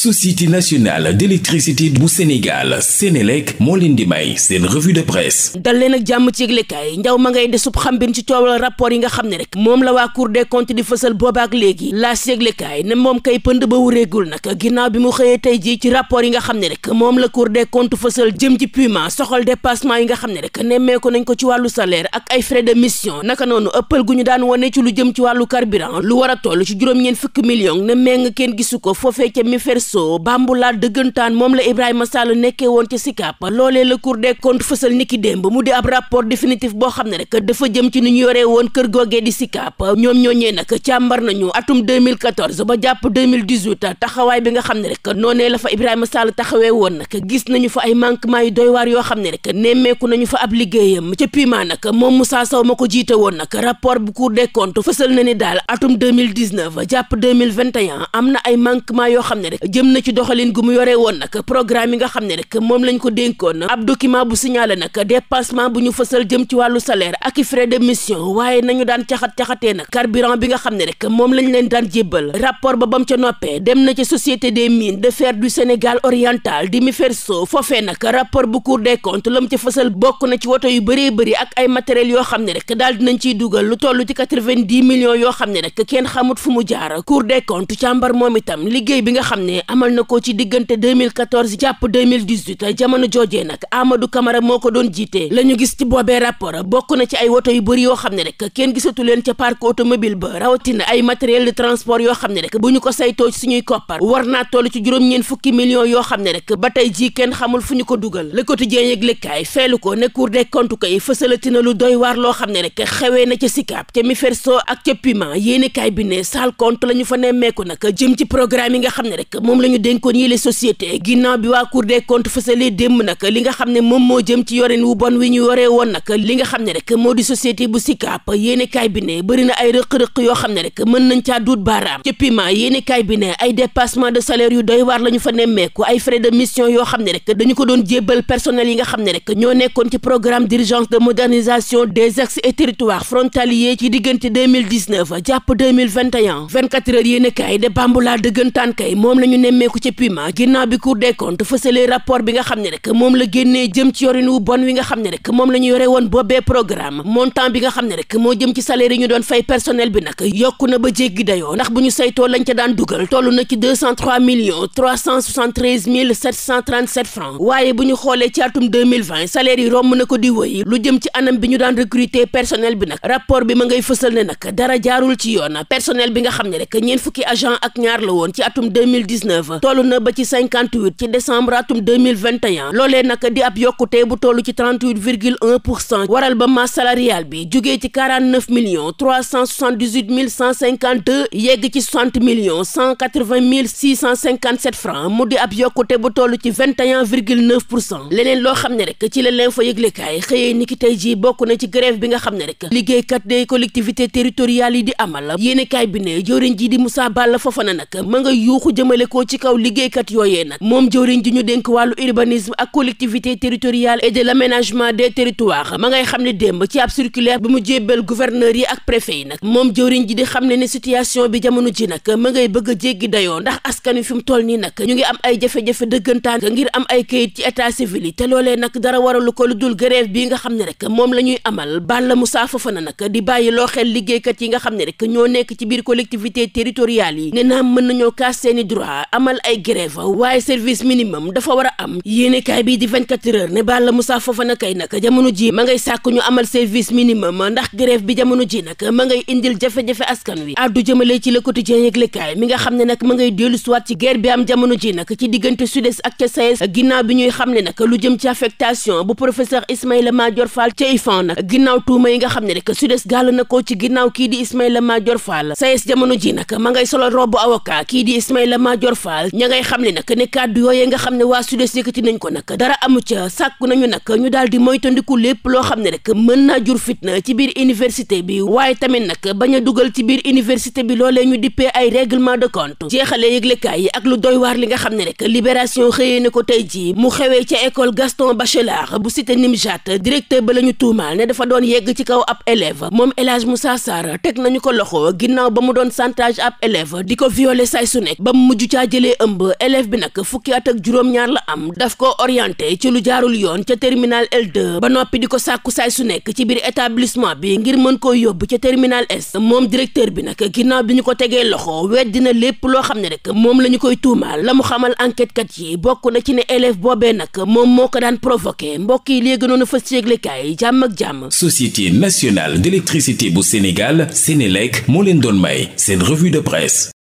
société nationale d'électricité bu Sénégal Sénélec moo leen di may seen revue de presse dal ak jàmm ci yëglekaay njaw ma ngay desub xambin ci coowal rapport yi nga xam ne rek moom la waa Cour des comptes di fësal yi nga xam ne rek moom la Cour des comptes jëm ci paiement soxal dépassement yi nga xam ne rek nemmeeku nañ ko ci wàllu salaire ak ay frais de mission naka noonu ëppal gu ñu daan wane ci lu jëm ci wàllu carburant lu war a toll ci juróom-ñeen fukki millions ne meng kenn gisu ko foofee jaxasoo bambulaa dëggantaan moom la Ibrahima Sall nekkee woon ci Sicap loolee la Cour des comptes fësal niki démb mu di ab rapport définitif boo xam ne rek dafa jëm ci ni ñu yoree woon kër googee di Sicap ñoom ñooñee nag càmbar nañu atum 2014 ba jàpp 2018 taxawaay bi nga xam ne rek noonee la fa Ibrahima taxawee woon nag gis nañu fa ay manquement yu yoo xam ne rek nemmeeku nañu fa ab liggéeyam ca Pima nag moom ma ko jiite woon nag rapport bu Cour des comptes fësal na ni daal atum 2019 jàpp 2021 am na ay manquement yoo xam ne rek jëm na ci doxalin gu mu yore woon nag programme yi nga xam ne rek moom lañu ko dénkoon ab document bu signalé nag dépassement bu ñu fësal jëm ci wàllu salaire ak i frais de mission waaye nañu daan caxat-caxatee nag carburant bi nga xam ne rek moom lañ leen daan jébbal rapport ba bam ca noppee dem na ci société des mines de fer du Sénégal oriental di MIFERSO foofee nag rapport bu cour des comptes la mu ca fësal bokk na ci woto yu bëree bëri ak ay matériels yoo xam ne rek daal dinañ ciy dugal lu toll ci quatre-vingt-dix millions yoo xam ne rek kenn xamut fu mu jaar cour des comptes càmbar moom itam liggéey bi nga xam ne amal na ko ci diggante 2014 jàpp 2018 jamono joojee nag Amadou Camara moo ko doon jiitee la ñu gis ci boobee rapport bokk na ci ay woto yu bëri yoo xam ne rek kenn gisatu leen ca parc automobile ba rawatina ay matériel de transport yoo xam ne rek bu ñu ko saytoo ci suñuy koppar war naa toll ci juróom-ñeen fukki millions yoo xam ne rek ba tey jii kenn xamul fu ñu ko dugal le quotidien yëglekaay feelu ko ne Cour des comptes kay fësalati na lu doy waar loo xam ne rek xewee na ca Sicap ca Miferso ak ca Piment yéenekaay bi ne sale compte la ñu fa nemmeeku nag jëm ci programme yi nga xam ne rek moom moom la ñu dénkoon yi les sociétés ginnaaw bi waa cour des comptes fësalee démb nag li nga xam ne moom moo jëm ci yoreen wu bon wi ñu yoree woon nag li nga xam ne rek moo di société bu Sicap yéenekaay bi ne bëri na ay rëq-rëq yoo xam ne rek mën nañ caa duut baaraam ca piment yéenekaay bi ne ay dépassement de salaire yu doy waar la ñu fa nemmeeku ay frais de mission yoo xam ne rek dañu ko doon jébbal personnel yi nga xam ne rek ñoo nekkoon ci programme nemmeeku ca Puma ginnaaw bi Cour des nga xam ne rek moom la génnee jëm ci bon wi nga xam ne rek moom la ñu yore woon boobee programme montant bi nga ne rek moo jëm ci salaire ñu doon fay personnel bi nag yokku na ba jéggi dayoo ndax bu ñu saytoo lañ ca daan dugal toll na ci 203 millions 373 mille 737 francs waaye bu ñu xoolee ci atum 2020 salaire yi romb na ko di wëy lu jëm ci anam bi ñu daan recruter personnel bi nag rapport bi ma ngay fësal ne nag dara jaarul ci yoon personnel bi nga xam ne rek ñeent fukki agent ak ñaar la woon ci atum 2019 neuf toll na ba ci cinquante huit ci décembre atum deux mille vingt et un loolee nag di ab yokkute bu toll ci trente huit virgule un pour cent waral ba masse bi jugee ci quarante neuf trois cent soixante dix huit mille cent cinquante deux yegg ci soixante millions cent quatre vingt mille six cent cinquante sept francs mu di ab yokkute bu toll ci vingt et un neuf pour cent leneen loo xam ne rek ci la leen fa yëglekaay xëyee niki jii bokk na ci grève bi nga xam ne rek liggéeykat des collectivités territoriales yi di amal bi ne jëwriñ ji ci kaw liggéeykat yooyee nag moom jëwriñ ji ñu dénk wàllu urbanisme ak collectivité territoriale et de ménagement des territoires ma ngay xam ne démb ci ab circulaire bi mu jébbal gouverneur yi ak préfet yi nag moom jëwriñ ji di xam ne ne situation bi jamono ji nag ma ngay bëgg a jéggi dayoo ndax askan wi fi mu toll nii nag ñu ngi am ay jafe-jafe ngir am ay kayit ci état civil yi te loolee nag dara waralu ko lu dul grève bii nga xam ne rek moom la ñuy amal Balla Moussa Fofana nag di bàyyi loo xel liggéeykat yi nga xam ne rek ñoo nekk ci biir collectivité territoriale yi ne naam mën nañoo cas seeni droit amal ay grève waaye service minimum dafa war a am yéenekaay bii di 24 heures ne Balla Moussa Fofana kay nag jamono ji ma ngay sàkk ñu amal service minimum ndax grève bi jamono ji nag ma ngay indil jafe-jafe askan wi addu jëmale ci le quotidien yëglekaay mi nga xam ne nag ma ngay dellu suwaat ci guerre bi am jamono ji nag ci diggante sud des ak ca Sahel ginnaaw bi ñuy xam ne nag lu jëm ci affectation bu professeur Ismaïla Madior Fall ca IFAN nag ginnaaw tuuma yi nga xam ne rek su des gàll na ko ci ginnaaw kii di Ismaïla Madior Fall Sahel jamono ji nag ma ngay solo robu avocat kii di Ismaïla Madior Fall ña ngay xam le nag ne kàddu yooyee nga xam ne waa SUDES yëkkati nañ ko nag dara amu ca sàkku nañu nag ñu daal moytandiku lépp loo xam ne rek mën naa jur fitna ci biir université bi waaye tamit nag bañ a dugal ci biir université bi loolee ñu dippee ay règlement de compte jeexale yëglekaay yi ak lu doy waar li nga xam ne rek libération xëyee na ko tey jii mu xewee ca école Gaston Bachelard bu cité Nimjat directeur ba la ñu tuumaal ne dafa doon yegg ci kaw ab élève moom El ko loxo ginnaaw ba mu doon chantage jëlee ëmb élève bi nag fukki at ak juróom-ñaar la am daf ko orienté ci lu jaarul yoon ca terminal l ba noppi di ko sàkku saay su nekk ci biir établissement bi ngir mën koo yóbbu ca terminal S moom directeur bi nag ginnaaw bi ñu ko tegee loxo weddi na lépp loo xam ne rek moom la ñu koy tuumaal la mu xamal enquête kat yi bokk na ci ne élève boobee nag moom moo ko daan provoqué mbokk yi léegi noonu fas yéeglekaay jàmm ak jàmm. Société nationale d'électricité bu Sénégal Sénélec moo leen doon may seen revue de presse.